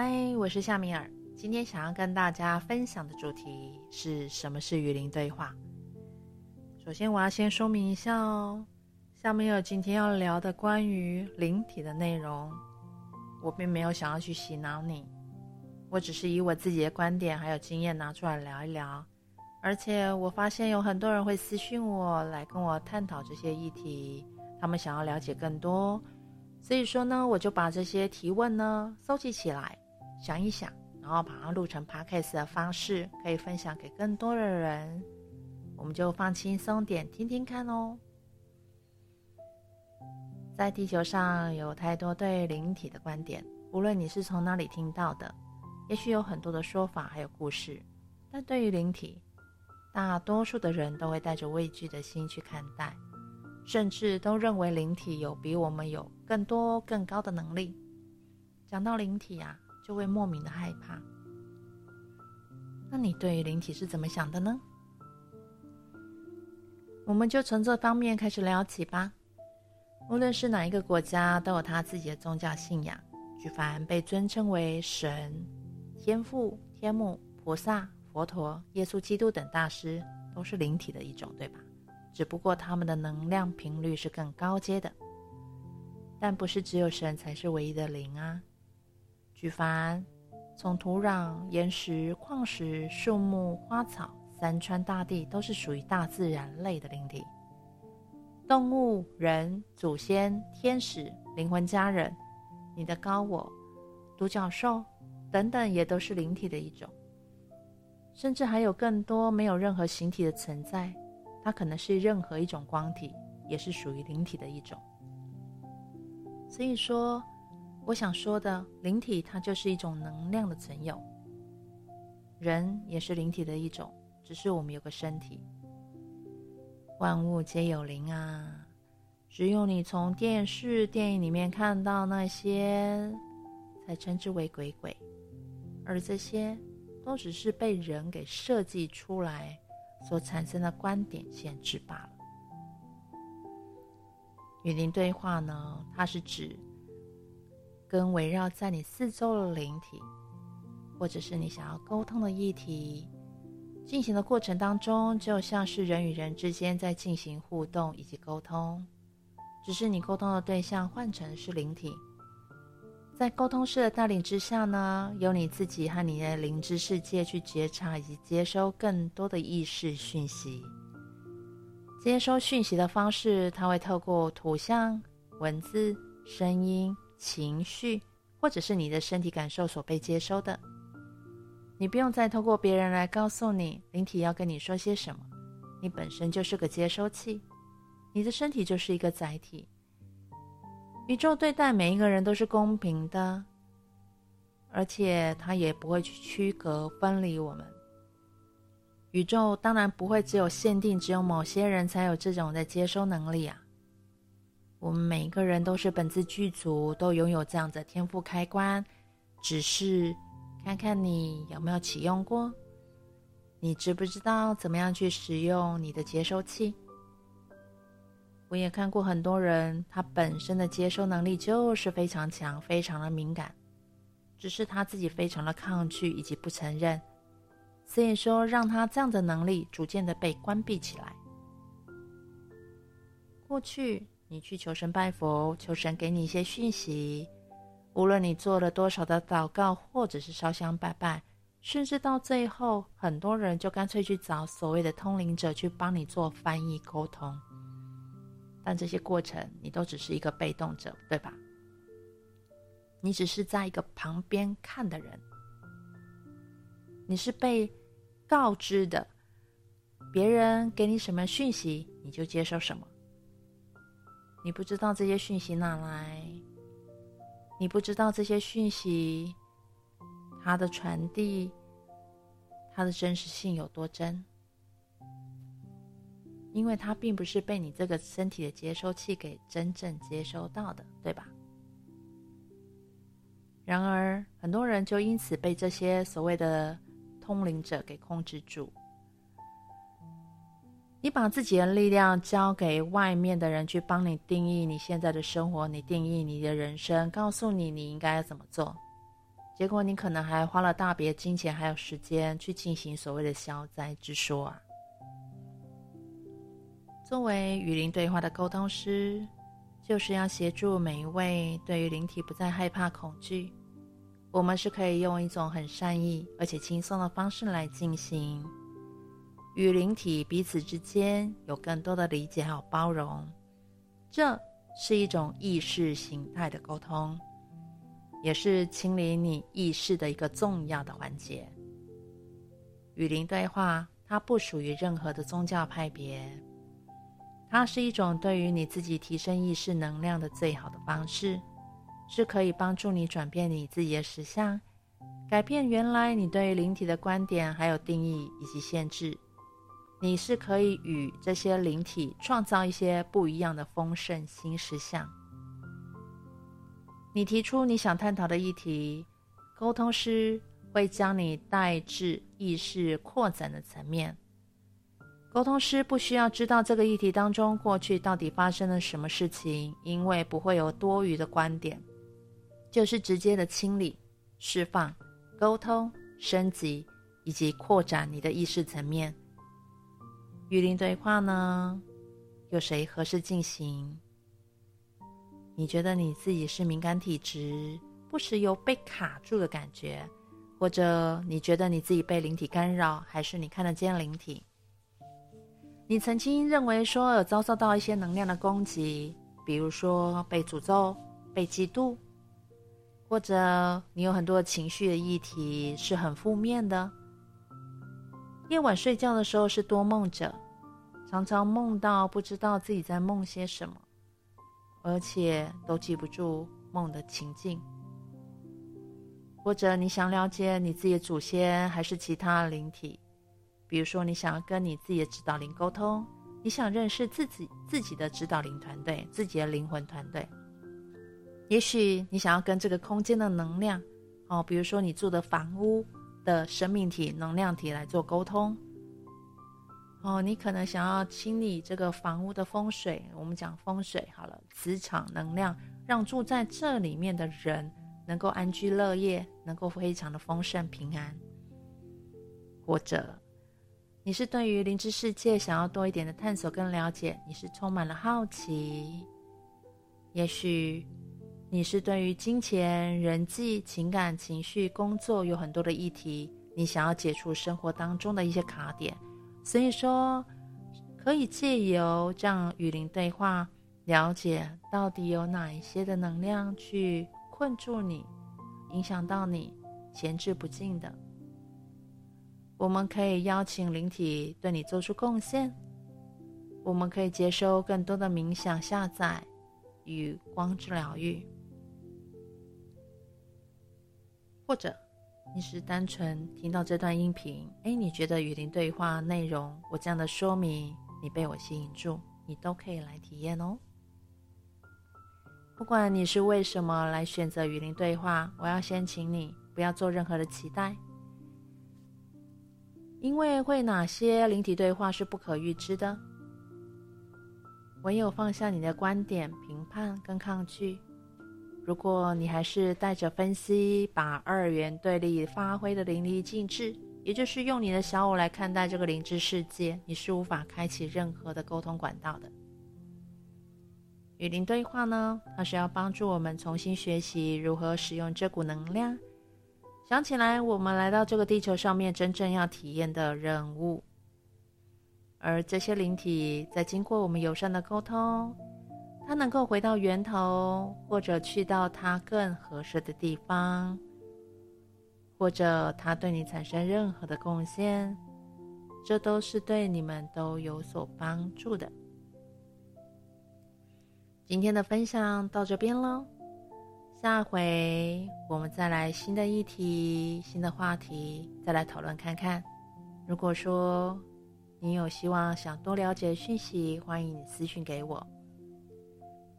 嗨，我是夏米爾。今天想要跟大家分享的主題是什麼是與靈對話？首先，我要先說明一下哦，下面有今天要聊的關於靈體的內容，我並沒有想要去洗腦你，我只是以我自己的觀點還有經驗拿出來聊一聊。而且我發現有很多人會私訊我來跟我探討這些議題，他們想要了解更多，所以說呢，我就把這些提問呢收集起來。想一想，然後把它錄成 Podcast 的方式，可以分享給更多的人。我們就放輕鬆點，聽聽看哦。在地球上有太多對靈體的觀點，無論你是從哪裡聽到的，也許有很多的說法還有故事。但對於靈體，大多數的人都會帶着畏懼的心去看待，甚至都認為靈體有比我們有更多更高的能力。講到靈體啊。就會莫名的害怕。那你對於靈體是怎麼想的呢？我們就從這方面開始聊起吧。無論是哪一個國家，都有他自己的宗教信仰。舉凡被尊稱為神、天父、天母、菩薩、佛陀、耶穌基督等大師，都是靈體的一種，對吧？只不過他們的能量頻率是更高階的，但不是只有神才是唯一的靈啊。舉凡從土壤、岩石、礦石、樹木、花草、山川大地，都是屬於大自然類的靈體；動物、人、祖先、天使、靈魂家人、你的高我、獨角獸等等，也都是靈體的一種。甚至還有更多沒有任何形體的存在，它可能是任何一種光體，也是屬於靈體的一種。所以說。我想說的，靈體它就是一種能量的存有。人也是靈體的一種，只是我們有個身體。萬物皆有靈啊！只有你從電視、電影裡面看到那些，才稱之為鬼鬼。而這些都只是被人給設計出來所產生的觀點限制罷了。與靈對話呢，它是指。跟圍繞在你四周的靈體，或者是你想要溝通的議題，進行的過程當中，就像是人與人之間在進行互動以及溝通，只是你溝通的對象換成是靈體，在溝通師的帶領之下呢，由你自己和你的靈之世界去覺察以及接收更多的意識訊息，接收訊息的方式，它會透過圖像、文字、聲音。情緒，或者是你的身體感受所被接收的，你不用再透過別人來告訴你靈體要跟你說些什麼。你本身就是個接收器，你的身體就是一個載體。宇宙對待每一個人都是公平的，而且它也不會去區隔、分離我們。宇宙當然不會只有限定，只有某些人才有這種的接收能力啊。我們每一個人都是本自具足，都擁有這樣的天賦開關，只是看看你有沒有啟用過，你知不知道怎麼樣去使用你的接收器？我也看過很多人，他本身的接收能力就是非常強、非常的敏感，只是他自己非常的抗拒以及不承認，所以說讓他這樣的能力逐漸的被關閉起來。過去。你去求神拜佛，求神給你一些訊息。無論你做了多少的禱告，或者是燒香拜拜，甚至到最後，很多人就乾脆去找所謂的通靈者去幫你做翻譯溝通。但這些過程，你都只是一個被動者，對吧？你只是在一個旁邊看的人，你是被告知的，別人給你什麼訊息，你就接受什麼。你不知道這些訊息哪來，你不知道這些訊息它的傳遞，它的真實性有多真，因為它並不是被你這個身體的接收器給真正接收到的，對吧？然而，很多人就因此被這些所謂的通靈者給控制住。你把自己的力量交給外面的人去幫你定義你現在的生活，你定義你的人生，告訴你你應該要怎麼做，結果你可能還花了大筆金錢還有時間去進行所謂的消災之說啊。作為與靈對話的溝通師，就是要協助每一位對於靈體不再害怕恐懼，我們是可以用一種很善意而且輕鬆的方式來進行。與靈體彼此之間有更多的理解還有包容，這是一種意識形態的溝通，也是清理你意識的一個重要的環節。與靈對話，它不屬於任何的宗教派別，它是一種對於你自己提升意識能量的最好的方式，是可以幫助你轉變你自己的實相，改變原來你對於靈體的觀點、還有定義以及限制。你是可以與這些靈體創造一些不一樣的豐盛新實相。你提出你想探討的議題，溝通師會將你帶至意識擴展的層面。溝通師不需要知道這個議題當中過去到底發生了什麼事情，因為不會有多餘的觀點，就是直接的清理、釋放、溝通、升級以及擴展你的意識層面。與靈對話呢？有誰合適進行？你覺得你自己是敏感體質，不時有被卡住的感覺，或者你覺得你自己被靈體干擾，還是你看得見靈體？你曾經認為說有遭受到一些能量的攻擊，比如說被詛咒、被嫉妒，或者你有很多情緒的議題是很負面的。夜晚睡覺的時候是多夢者，常常夢到不知道自己在夢些什麼，而且都記不住夢的情境。或者你想了解你自己的祖先，還是其他的靈體？比如說，你想要跟你自己的指導靈溝通，你想認識自己自己的指導靈團隊，自己的靈魂團隊。也許你想要跟這個空間的能量哦，比如說你住的房屋，的生命體、能量體來做溝通，哦，你可能想要清理這個房屋的風水。我們講風水好了，磁場能量，讓住在這裡面的人能夠安居樂業，能夠非常的豐盛平安。或者，你是對於靈之世界想要多一點的探索、跟了解，你是充滿了好奇，也許。你是對於金錢、人際、情感、情緒、工作有很多的議題，你想要解除生活當中的一些卡點，所以說可以借由這樣與靈對話，了解到底有哪一些的能量去困住你、影響到你、閒置不盡的。我們可以邀請靈體對你做出貢獻，我們可以接收更多的冥想下載與光之療癒。或者你是單純聽到這段音頻，哎，你覺得與靈對話內容，我這樣的說明，你被我吸引住，你都可以來體驗哦。不管你是為什麼來選擇與靈對話，我要先請你不要做任何的期待，因為會哪些靈體對話是不可預知的。唯有放下你的觀點、評判跟抗拒。如果你還是帶着分析，把二元對立發揮得淋漓盡致，也就是用你的小我來看待這個靈之世界，你是無法開啟任何的溝通管道的。與靈對話呢，它是要幫助我們重新學習如何使用這股能量。想起來，我們來到這個地球上面，真正要體驗的人物，而這些靈體在經過我們友善的溝通。他能夠回到源頭，或者去到他更合適的地方，或者他對你產生任何的貢獻，這都是對你們都有所幫助的。今天的分享到這邊嘍，下回我們再來新的議題、新的話題，再來討論看看。如果說你有希望，想多了解訊息，歡迎你私訊給我。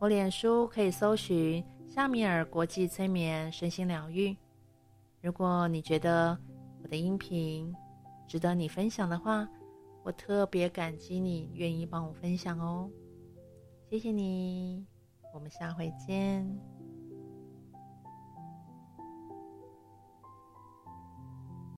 我臉書可以搜尋夏米爾國際催眠身心療癒。如果你覺得我的音頻值得你分享的話，我特別感激你願意幫我分享哦，謝謝你，我們下回見。